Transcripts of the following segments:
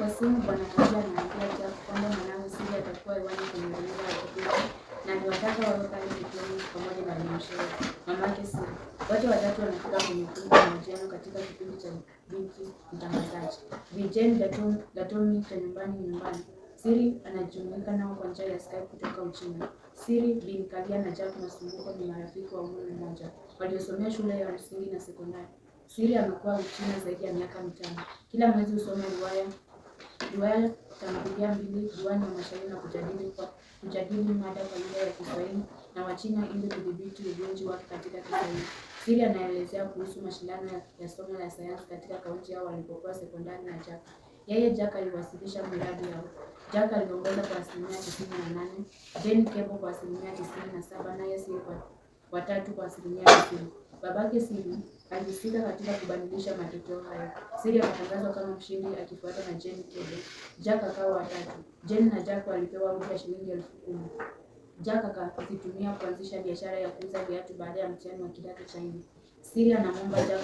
Kwa simu Bwana Kabila anaambia Jack kwamba mwanangu Sili atakuwa hewani kwenye runinga ya Kibiti na aliwataka wawe pale kituoni pamoja na Alimshere mamake Sili. Wote watatu wanafika kwenye ukumbi wa mahojiano katika kipindi cha Binti Mtangazaji. Vijen Datoni cha nyumbani nyumbani. Siri anajumuika nao kwa njia ya Skype kutoka Uchina. Siri bin Kalia na Jack Masumbuko ni marafiki wa umri mmoja waliosomea shule ya msingi na sekondari. Siri amekuwa Uchina zaidi ya miaka mitano. Kila mwezi husoma riwaya Duel tamthilia mbili juani ya Mashairi na kujadili kwa kujadili mada kwa lugha ya Kiswahili na Wachina ili kudhibiti ugonjwa wake katika Kiswahili. Siri anaelezea kuhusu mashindano ya somo la sayansi katika kaunti yao walipokuwa sekondari na Jack. Yeye Jack aliwasilisha miradi yao. Jack aliongoza kwa asilimia tisini na nane, Jane Kebo kwa asilimia tisini na saba naye Siri watatu kwa asilimia tisini. Babake Siri alifika katika kubadilisha matokeo hayo. Siri akatangazwa kama mshindi akifuatwa na Jane Kelly. Jack akawa watatu. Jane na Jack walipewa mtu ya shilingi elfu kumi. Jack akazitumia kuanzisha biashara ya kuuza viatu baada ya mtihani wa kidato cha nne. Siri anamwomba Jack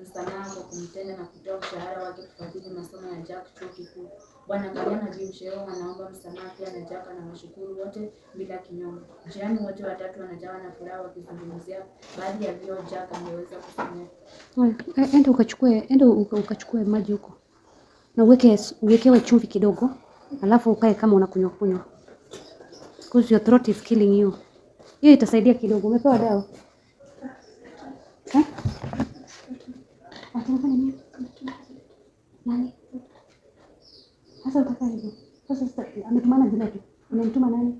msamaha kwa kumtenda na kutoa mshahara wake kufadhili masomo ya Jack chuo kikuu. Bwana kijana James Sheo wanaomba msamaha pia na Jaka na mashukuru wote bila kinyongo. Jirani wote watatu wanajawa na furaha wakizungumzia baadhi ya vio Jaka ameweza kufanya. E, enda ukachukue, enda ukachukue maji huko. Na uweke uwekewe chumvi kidogo. Alafu ukae kama unakunywa kunywa. Because your throat is killing you. Hiyo itasaidia kidogo. Umepewa dawa? Sasa utaka hivyo. Sasa sasa ametuma na jina tu. Unamtuma nani?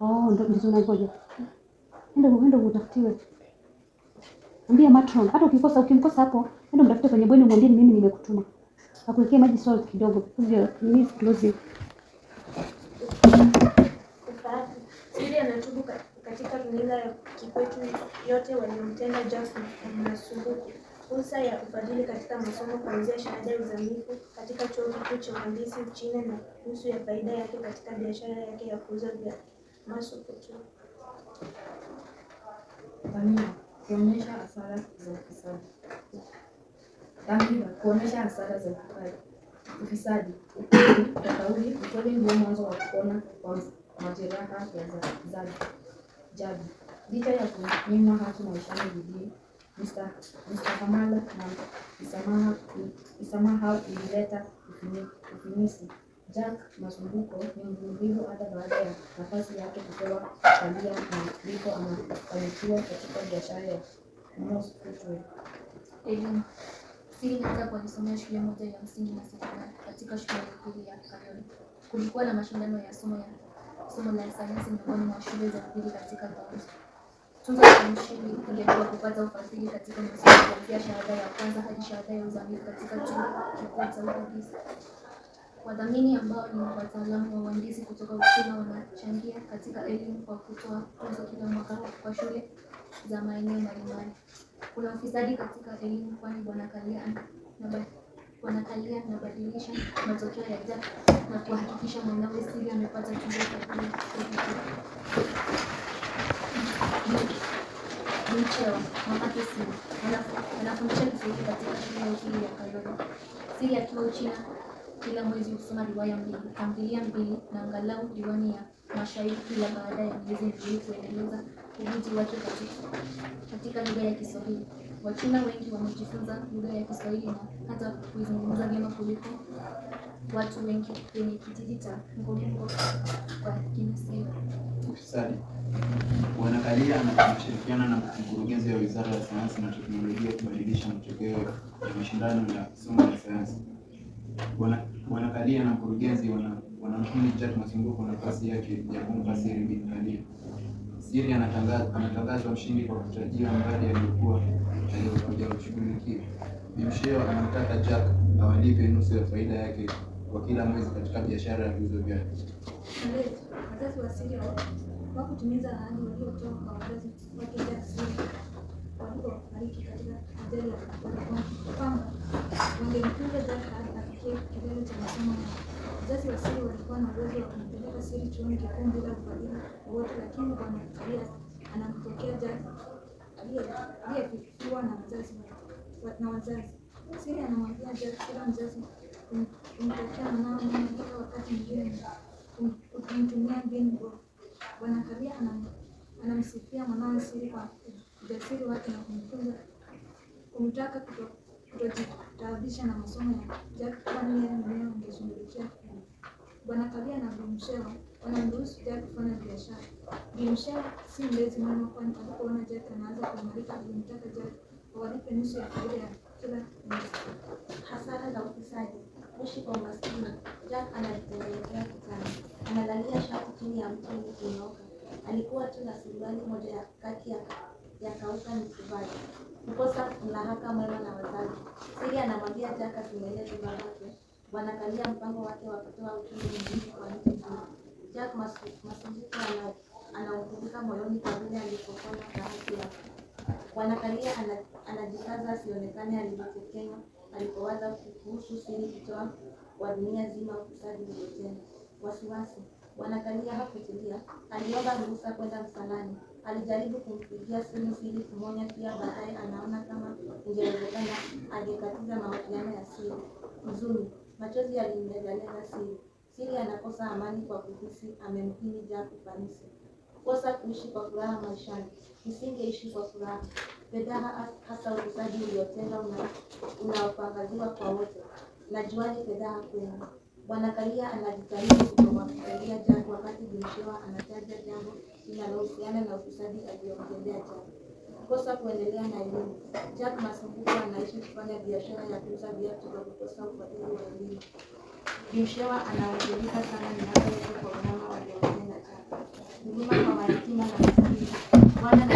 Oh, ndo ndizo unangoja. Enda uende utafutiwe. Ambia matron, hata ukikosa ukimkosa hapo, enda mtafute kwenye bweni mwambie mimi nimekutuma. Akuwekee maji salt kidogo. Hivyo ni close. Siri anatubu katika runinga ya kikwetu yote waliomtenda Jackson na Masumbuko fursa ya ufadhili katika masomo kuanzia shahada ya uzamivu katika chuo kikuu cha uhandisi Uchina na nusu ya faida yake katika biashara yake ya kuuza vya masukutu. Dhamira kuonyesha hasara za ufisadi. Dhamira kuonyesha hasara za ufisadi. Ufisadi, ukweli, ukweli ndio mwanzo wa kupona kwa majeraha ya jadi. Licha ya kunyimwa haki maishani, bidii Mr. Kamala na Isamaha huleta ufanisi. Jack Mzumbuko ni mvumilivu hata baada ya nafasi yake kupewa utalia na ndipo anafanikiwa katika biashara ya Moss Footwear. Elimu siri nika kwa kusomea shule moja ya msingi na sekondari katika shule ya upili ya Katoliki. Kulikuwa na mashindano ya somo ya somo la sayansi miongoni mwa shule za upili katika kaunti. Tuzo ya Mshindi ingekuwa kupata ufadhili katika masomo kuanzia shahada ya kwanza hadi shahada ya uzamili katika chuo kikuu cha uhandisi. Wadhamini ambao ni wataalamu wa uhandisi kutoka Uchina wanachangia katika elimu kwa kutoa tuzo kila mwaka kwa shule za maeneo mbalimbali. Kuna ufisadi katika elimu, kwani Bwana Kalia anabadilisha matokeo ya JAC na kuhakikisha mwanawe Sili amepata tuzo. Mcheo wakati simu anafundisha Kiswahili katika shule ya upili ya Kalolo. Siri akiwa Uchina kila mwezi husoma riwaya mbili, tamthilia mbili na angalau diwani ya mashairi kila baada ya miezi miwili kuendeleza ujuzi wake katika lugha ya Kiswahili. Wachina wengi wamejifunza lugha ya Kiswahili na hata kuizungumza vyema kuliko watu wengi kwenye kijiji cha Ngomongo kwa kinasiri Bwana Karia anashirikiana na mkurugenzi wa Wizara ya Sayansi na Teknolojia kubadilisha matokeo ya mashindano ya somo la sayansi. Bwana na mkurugenzi wanamtuni Jack Masunguko nafasi yake ya siri Bi Karia. Siri anatangazwa mshindi kwa kutajia mradi aliyokuwa ni msheo anamtaka Jack awalipe nusu ya faida yake kwa kila mwezi katika biashara ya viuzo vyake kutimiza ahadi waliotoa kwa wazazi wake Jackson walipofariki katika ajali ya barabara kwamba wangemtunza Jackson afikie kilele cha masomo Wazazi wa Siri walikuwa na uwezo wa kumpeleka Siri chuoni kikuu bila ufadhili wowote, lakini Bwana Elias anampokea Jack aliyefikiwa na wazazi na wazazi. Siri anamwambia Jack kila mzazi kumtokea mwanao kila wakati mwingine kumtumia mbinu bora Bwana Tabia anamsifia mwanawe Siri kwa ujasiri wake na kumfunza kumtaka kutojitaabisha na masomo ya Jack kwani yeye mwenyewe angeshughulikia. Bwana Tabia na Bi Msheo wanamruhusu Jack kufanya biashara. Bi si mlezi mwema, kwani alipoona Jack anaanza kuimarika alimtaka Jack awalipe nusu ya faida ya kila Hasara za ufisadi Kuishi kwa umaskini. Jack anajitengenezea kitanda, analalia shati chini ya mti ulionyooka. Alikuwa tu na suruali moja ya kaki ya, ya kauka misubaji. Kukosa mlahaka mwema na wazazi. Siri anamwambia Jack asimueleze babake. Wanakalia mpango wake wa kutoa uchumi mwingi kwa nchi nzima. Jack Masujuto anaukumbuka moyoni kwa vile alipokonywa kwa yake. Wanakalia anajikaza asionekane alivyotekenywa alipowaza kuhusu siri kutoa kwa dunia zima ufisadi uliojena wasiwasi Bwanakalia hakutulia, aliomba ruhusa kwenda msalani. Alijaribu kumpigia simu ili kumwonya pia, baadaye anaona kama ingewezekana angekatiza mahusiano ya siri. Huzuni, machozi yalimlegalega siri. Siri anakosa amani kwa kuhisi amemhimija ufanisi, kosa kuishi kwa furaha maishani. Nisingeishi kwa furaha fedha hasa uuzaji uliotenda unaoangaziwa kwa wote. Najuani fedha kwenu. Bwana Karia anajitahidi kutowafikiria jambo, wakati Binshewa anataja jambo linalohusiana na ufisadi aliyomtendea Jack. Kukosa kuendelea na elimu. Jack Masumbuko anaishi kufanya biashara ya kuuza viatu kwa kukosa ufadhili wa elimu. Binshewa anahuzulika sana miaka yote kwa unama waliomtenda Jack. Huduma kwa mayatima na maskini. Bwana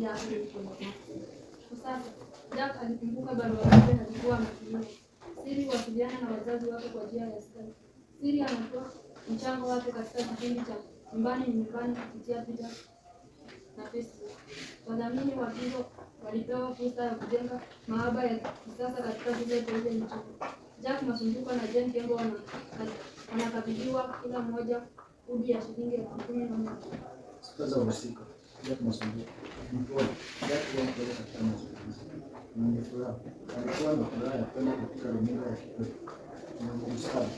ya kwa sasa alikumbuka barua pepe alikuwa ametumia. Siri, wasiliana na wazazi wake kwa njia ya Skype. Siri anatoa mchango wake katika kipindi cha nyumbani ni nyumbani kupitia picha na Facebook. Wadhamini wa tuzo walipewa fursa ya kujenga maaba ya kisasa katika vile teule nchini. Jack Masumbuko na Jane Kembo wanakabidhiwa kila mmoja kudi ya shilingi elfu kumi na moja. Sasa umesika mwenye furaha alikuwa na furaha ya kwenda katika runinga ya kiustadi.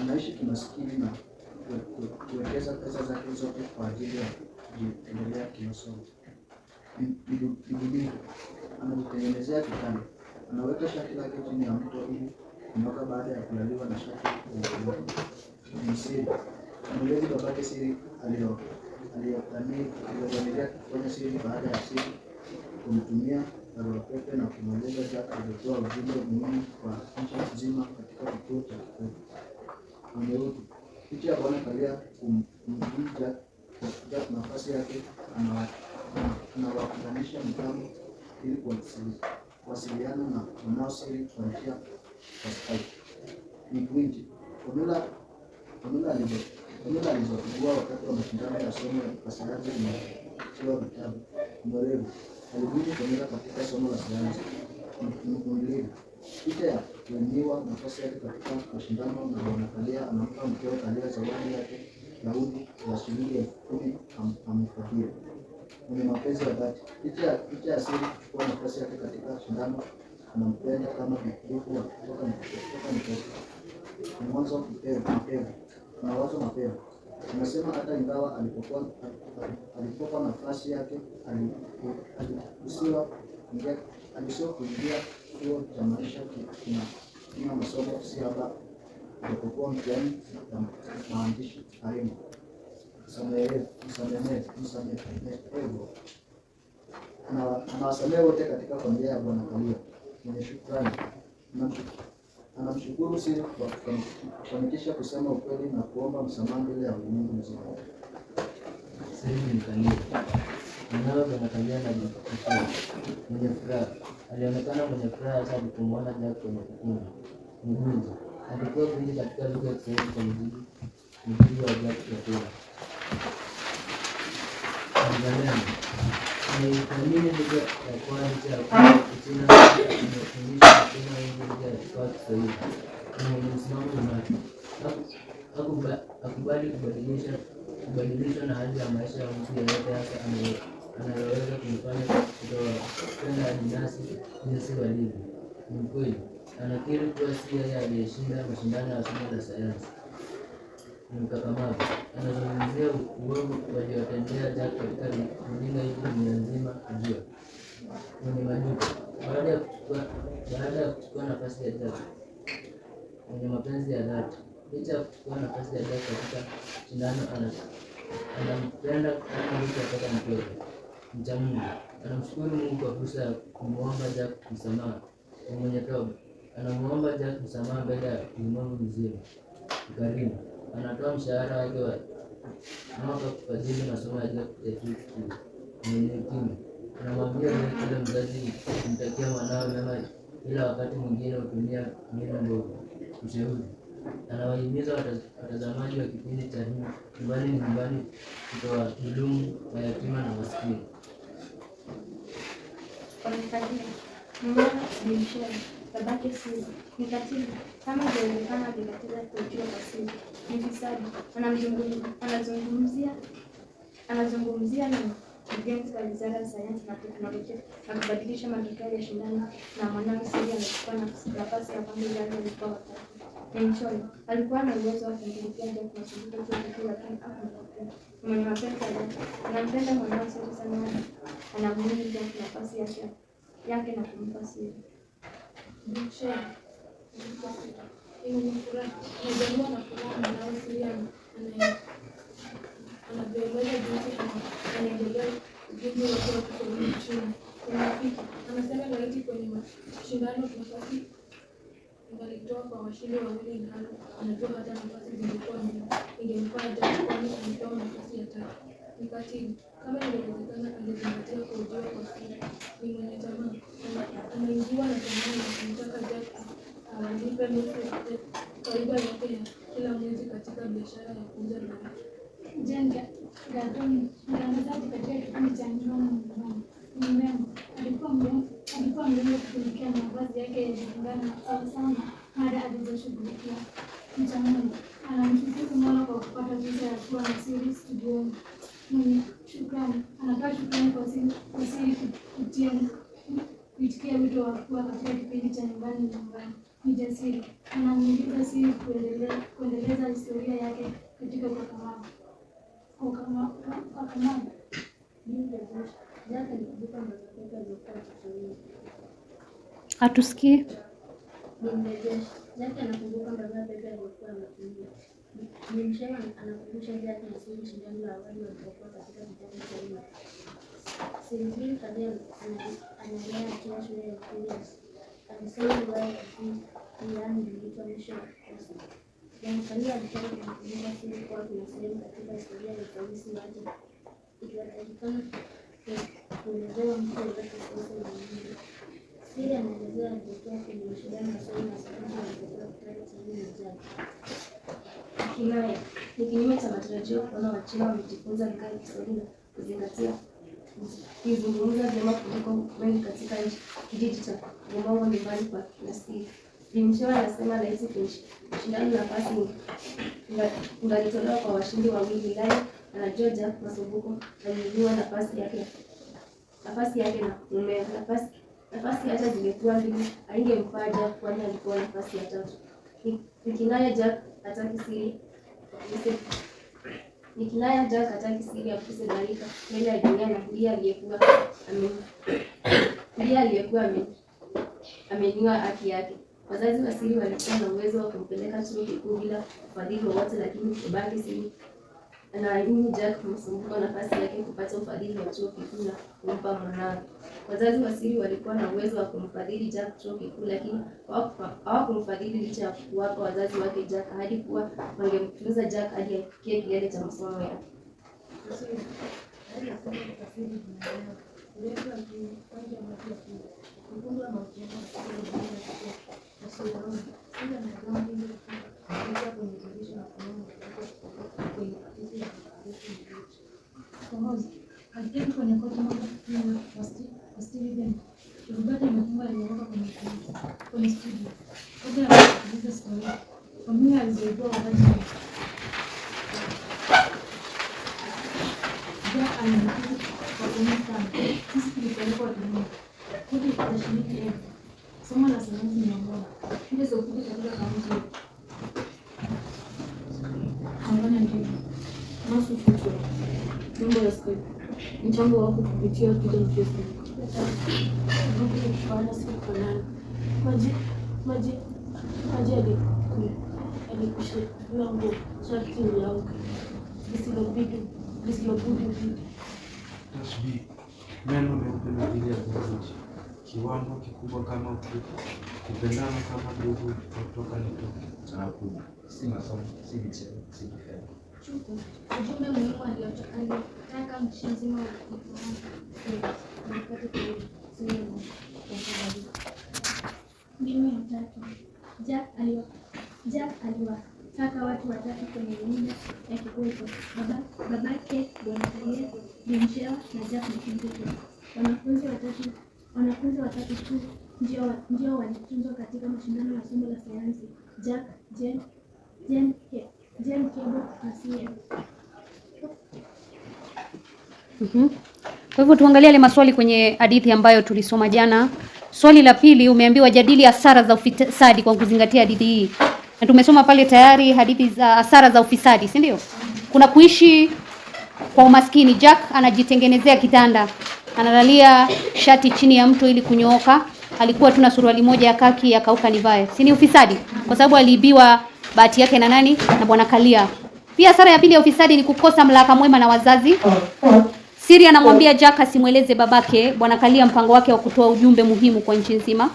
Anaishi kimaskini na kuwekeza pesa zake zote kwa ajili ya kujiendelea kimasomo. Bidii anajitengenezea kitanda, anaweka shati lake chini ya mto ili kunoka baada ya kulaliwa na shati. Msiri amelezi babake siri alio aliyodhamiria kufanya siri baada ya siri, kumtumia barua pepe na kumweleza Jack alitoa ujumbe muhimu kwa nchi nzima katika kituo cha Ameuti. Licha ya Bwana Karia kumtii Jack nafasi yake, anawakutanisha mtamu ili kuwasiliana na wanaosiri kwa njia ya Skype. Ni Gwiji Onula alibo Pamela aliwapigia wakati wa mashindano ya somo la sayansi linalohitiwa vitabu mborevu. Alibuni Pamela katika somo la sayansi mkundulivu. Licha ya kutumiwa nafasi yake katika mashindano na Bwana Kalia anampa mkewe Kalia zawadi yake nauli ya shilingi elfu kumi amefadhili mwenye mapenzi ya dhati. Licha ya Siri kuchukua nafasi yake katika shindano, anampenda kama mtukufu wa kutoka mtoto mwanzo mpevu mpevu mawazo mapema. Anasema hata ingawa alipokuwa nafasi yake aliruhusiwa kuingia kuo cha maisha kina masomo si hapa alipokuwa mtihani na maandishi harimu na anawasamehe wote katika familia ya Bwana Kalia mwenye shukrani. Anamshukuru si kwa kufanikisha kusema ukweli na kuomba msamaha mbele ya ulimwengu mzima. Sehemu ni kanisa. Mwanao anatembea na mwenye furaha. Alionekana mwenye furaha hasa alipomwona Jack kwenye ukumbi. Mguzi alikuwa kuingi katika lugha ya Kiswahili kwa mzigo mzigo wa Jack Chakula. Tanzania akubali kubadilishwa na hali ya maisha ya mtu yeyote, hasa analoweza kumfanya kutowapenda adinasi jinsi walivyo. Ni kweli anakiri kuwa si yeye aliyeshinda mashindano ya somo la sayansi mkakamavu. Anazungumzia uovu waliotendea Jack katika runinga hivi ni lazima kujua. kwenye majuto, baada ya kuchukua nafasi ya Jack mwenye mapenzi ya dhati, licha ya kuchukua nafasi ya Jack katika shindano, anampenda kama alivyotoka mtoto mcha Mungu. Anamshukuru Mungu kwa fursa ya kumwomba Jack msamaha mwenye toba, anamwomba Jack msamaha mbele ya ulimwengu mzima. Ukarimu anatoa mshahara wake wa mwaka kufadhili masomo ya chuo kikuu. Mwenyekiti anamwambia kila mzazi kumtakia mwanao mema, ila wakati mwingine hutumia mbinu mbovu. Ushauri anawahimiza watazamaji wa kipindi cha Nyumbani ni Nyumbani wa yatima na maskini babake Simba ni katibu, kama ilionekana vinateza kuitiwa kwa Simba ni fisadi. Anazungumzia anazungumzia ni ujenzi wa wizara ya sayansi na teknolojia na kubadilisha matokeo ya shindano, na mwanawe Simba anachukua nafasi ya kwanza Janja alikuwa watatu Encholo alikuwa na uwezo wa kumtumikia ndio kunasumbuka chuo kikuu, lakini hakumtokea. Mwenye mapenzi anampenda mwanao Simba sana, anamwingi nafasi yake yake na kumpa siri Buchera Mwafrika inanifurahi jinsi anaendelea ujuzi wake wa kusomea anasema laiti kwenye mashindano nafasi alitoa kwa washindi wawili, inhalo anajua hata nafasi zilikuwa ingemfaa japo, kwani alipewa nafasi ya kama inawezekana, alizingatia kuhojiwa kwa siri. Ni mwenye tamaa, anaingiwa na tamaa ya kumtaka Jack awalipe nusu ya faida yake ya kila mwezi katika biashara ya kuuza bidhaa. Jane Gardoni, mtangazaji katika kipindi cha Nyumbani Nyumbani, alikuwa mrembo kutumikia mavazi yake yalilingana sana mada alizoshughulikia. Mcha anamshukuru Mola kwa kupata visa ya kuwa na siri studioni mwenye shukrani anatoa shukrani kwa siri kutia kuitikia wito wa kuwa katika kipindi cha nyumbani nyumbani. Ni jasiri anamwingiza siri kuendeleza historia yake katika ukakamavu ukakamavu hatusikii Binsheman anakumbusha kile kinasema shindano la awali walipokuwa katika vitabu cha lugha. Sylvain Fadel anaelea akiwa shule ya upili akisema lugha ya Kiirani iliitwa mwisho wa kikosi. Kiangalia alifanya kujifunza siri kuwa kuna sehemu katika historia ya ufanisi wake ikiwatakikana kuelezewa mtu yeyote kuhusu mwenyewe. Siri anaelezea alivyokuwa kwenye mashindano ya somo la sayansi alipokuwa kitanda cha nne njani. Hatimaye ni kinyume cha matarajio kuona Wachina wamejifunza vikali Kiswahili kuzingatia kuzungumza vyema kuliko wengi katika nchi kijiji cha Bumongo nyumbani kwa Nasiri. Bimshewa anasema rahisi kushindana nafasi ungalitolewa kwa washindi wawili Lai na Georgia Masumbuko alinyua nafasi yake nafasi yake na Mumea nafasi Nafasi hata zimekuwa mbili, alingemfaa Jack kwani alikuwa nafasi ya tatu. Nikinaya Jack hataki siri nikinaya Jack hataki siri akuse Dalika mbele ya dunia na kulia aliyekuwa kulia aliyekuwa amenyua haki yake. Wazazi wa siri walikuwa na uwezo wa kumpeleka chuo kikuu bila ufadhili wowote, lakini kubaki siri anawahimiwa Jack Msumbuko nafasi yake kupata ufadhili wa chuo kikuu na kumpa mwanawe. Wazazi wa Siri walikuwa na uwezo wa kumfadhili Jack chuo kikuu, lakini hawakumfadhili licha ya kuwapa wazazi wake Jack ahadi kuwa wangemtunza Jack hadi afikie kilele cha masomo yake. Погоди, а где вы, на котором langu sharti uliangu lisilobidi lisilobudi bidi tasbi meno meupe na ya theluji, kiwambo kikubwa kama utupu, kupendana kama ndugu, kutoka nitoke sanakubu, si masomo, si michezo, si kifedha. Chuku ujumbe muhimu aliotaka mchi mzima mbinu ya tatu Jack aliwa Jack aliwa taka watu watatu kwenye nyumba ya kikwepo, baba babake Bwana Karia Benshewa na Jack Mchinjike. Wanafunzi watatu wanafunzi watatu tu ndio walitunzwa katika mashindano ya somo la sayansi: Jack, Jen, Jen, Jen Kebo na Sia. Mm-hmm. Kwa hivyo tuangalie yale maswali kwenye hadithi ambayo tulisoma jana. Swali la pili umeambiwa jadili hasara za ufisadi kwa kuzingatia hadithi hii na tumesoma pale tayari hadithi za hasara za ufisadi, si ndio? Kuna kuishi kwa umaskini. Jack anajitengenezea kitanda, analalia shati chini ya mto ili kunyooka. Alikuwa tuna suruali moja ya kaki ya kauka nivae, si ni ufisadi? Kwa sababu aliibiwa bahati yake na nani? Na bwana Kalia. Pia hasara ya pili ya ufisadi ni kukosa mlaka mwema na wazazi. Siri anamwambia Jack asimweleze babake bwana Kalia mpango wake wa kutoa ujumbe muhimu kwa nchi nzima.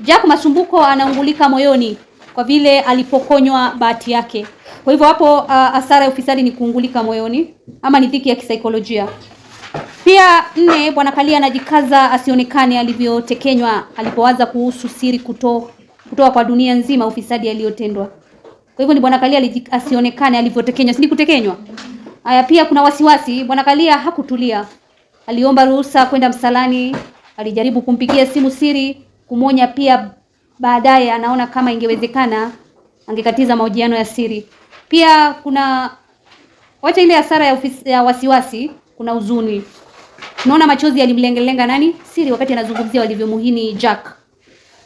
Jack masumbuko anaungulika moyoni kwa vile alipokonywa bahati yake. Kwa hivyo hapo uh, asara ya ufisadi ni kuungulika moyoni ama ni dhiki ya kisaikolojia. Pia nne, Bwana Kalia anajikaza asionekane alivyotekenywa alipowaza kuhusu siri kuto, kutoa kwa dunia nzima ufisadi aliyotendwa. Kwa hivyo ni Bwana Kalia asionekane alivyotekenywa, si kutekenywa. Aya, pia kuna wasiwasi. Bwana Kalia hakutulia, aliomba ruhusa kwenda msalani, alijaribu kumpigia simu siri kumwonya pia baadaye anaona kama ingewezekana angekatiza mahojiano ya siri. Pia kuna wacha ile hasara ya, ya wasiwasi, kuna huzuni. Tunaona machozi yalimlengelenga nani siri wakati anazungumzia walivyomuhini Jack.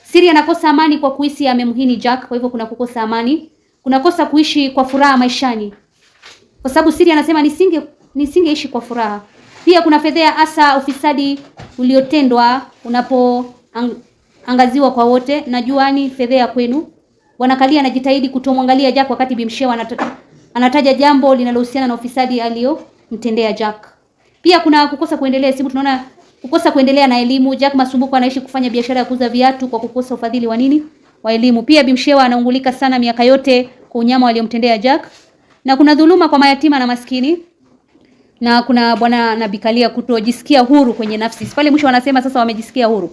Siri anakosa amani kwa kuhisi amemuhini Jack, kwa hivyo kuna kukosa amani, kunakosa kuishi kwa furaha maishani, kwa sababu siri anasema nisinge nisingeishi kwa furaha. Pia kuna fedhea, hasa ufisadi uliotendwa unapo angaziwa kwa wote. Najuani fedhea kwenu. Wanakalia anajitahidi kutomwangalia Jack wakati Bimshewa anataja jambo linalohusiana na ufisadi aliyomtendea Jack. Pia kuna kukosa kuendelea simu, tunaona kukosa kuendelea na elimu. Jack Masumbuko anaishi kufanya biashara ya kuuza viatu kwa kukosa ufadhili wa nini? Wa elimu. Pia Bimshewa anaungulika sana miaka yote kwa unyama waliomtendea Jack. Na kuna dhuluma kwa mayatima na maskini na kuna bwana Nabikalia kutojisikia huru kwenye nafsi. Pale mwisho wanasema sasa wamejisikia huru,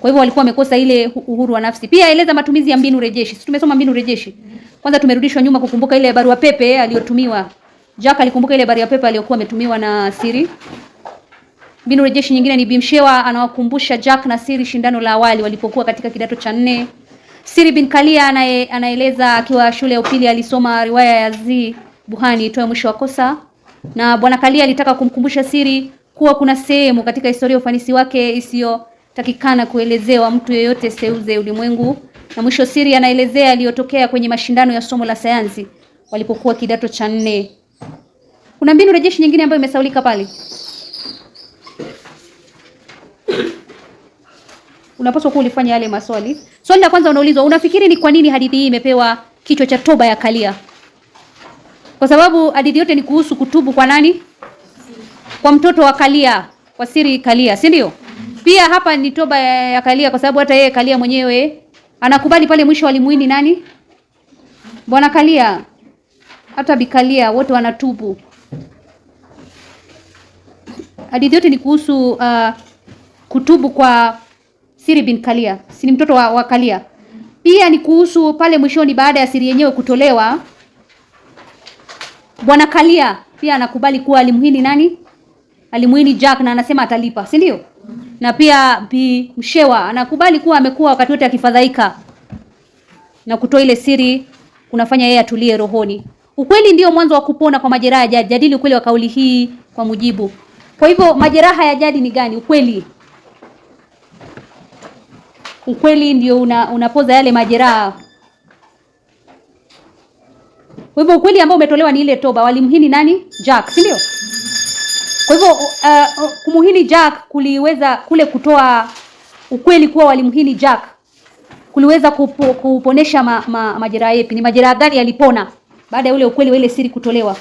kwa hivyo walikuwa wamekosa ile uhuru wa nafsi. Pia eleza matumizi ya mbinu rejeshi. Sisi tumesoma mbinu rejeshi, kwanza tumerudishwa nyuma kukumbuka ile barua pepe aliyotumiwa Jack. Alikumbuka ile barua pepe aliyokuwa ametumiwa na Siri. Mbinu rejeshi nyingine ni Bimshewa anawakumbusha Jack na Siri shindano la awali walipokuwa katika kidato cha nne. Siri bin Kalia anaeleza akiwa shule ya upili alisoma riwaya ya Zi Buhani itoe mwisho wa kosa na Bwana Kalia alitaka kumkumbusha siri kuwa kuna sehemu katika historia ya ufanisi wake isiyotakikana kuelezewa mtu yeyote seuze ulimwengu. Na mwisho siri anaelezea aliyotokea kwenye mashindano ya somo la sayansi walipokuwa kidato cha nne. Kuna mbinu rejeshi nyingine ambayo imesaulika pale. Unapaswa kuwa ulifanya yale maswali. Swali la kwanza unaulizwa, unafikiri ni kwa nini hadithi hii imepewa kichwa cha Toba ya Kalia? kwa sababu hadithi yote ni kuhusu kutubu kwa nani? Kwa mtoto wa Kalia, kwa siri Kalia, si ndio? Pia hapa ni toba ya Kalia, kwa sababu hata yeye Kalia mwenyewe anakubali pale mwisho alimuini nani? Bwana Kalia, hata Bikalia wote wanatubu. Hadithi yote ni kuhusu uh, kutubu kwa Siri bin Kalia, si ni mtoto wa, wa Kalia. Pia ni kuhusu pale mwishoni baada ya siri yenyewe kutolewa Bwana Kalia pia anakubali kuwa alimuhini nani? Alimuhini Jack na anasema atalipa, si ndio? Na pia Bi Mshewa anakubali kuwa amekuwa wakati wote akifadhaika na kutoa ile siri kunafanya yeye atulie rohoni. Ukweli ndio mwanzo wa kupona kwa majeraha ya jadi. Jadili ukweli wa kauli hii kwa mujibu. Kwa hivyo majeraha ya jadi ni gani? Ukweli. Ukweli ndio una, unapoza yale majeraha. Kwa hivyo ukweli ambao umetolewa ni ile toba. Walimhini nani? Jack, si ndio? Kwa hivyo uh, uh, kumuhini Jack kuliweza kule kutoa ukweli kuwa walimhini Jack kuliweza kupo, kuponesha ma, ma, majeraha yepi? Ni majeraha gani yalipona baada ya ule ukweli wa ile siri kutolewa?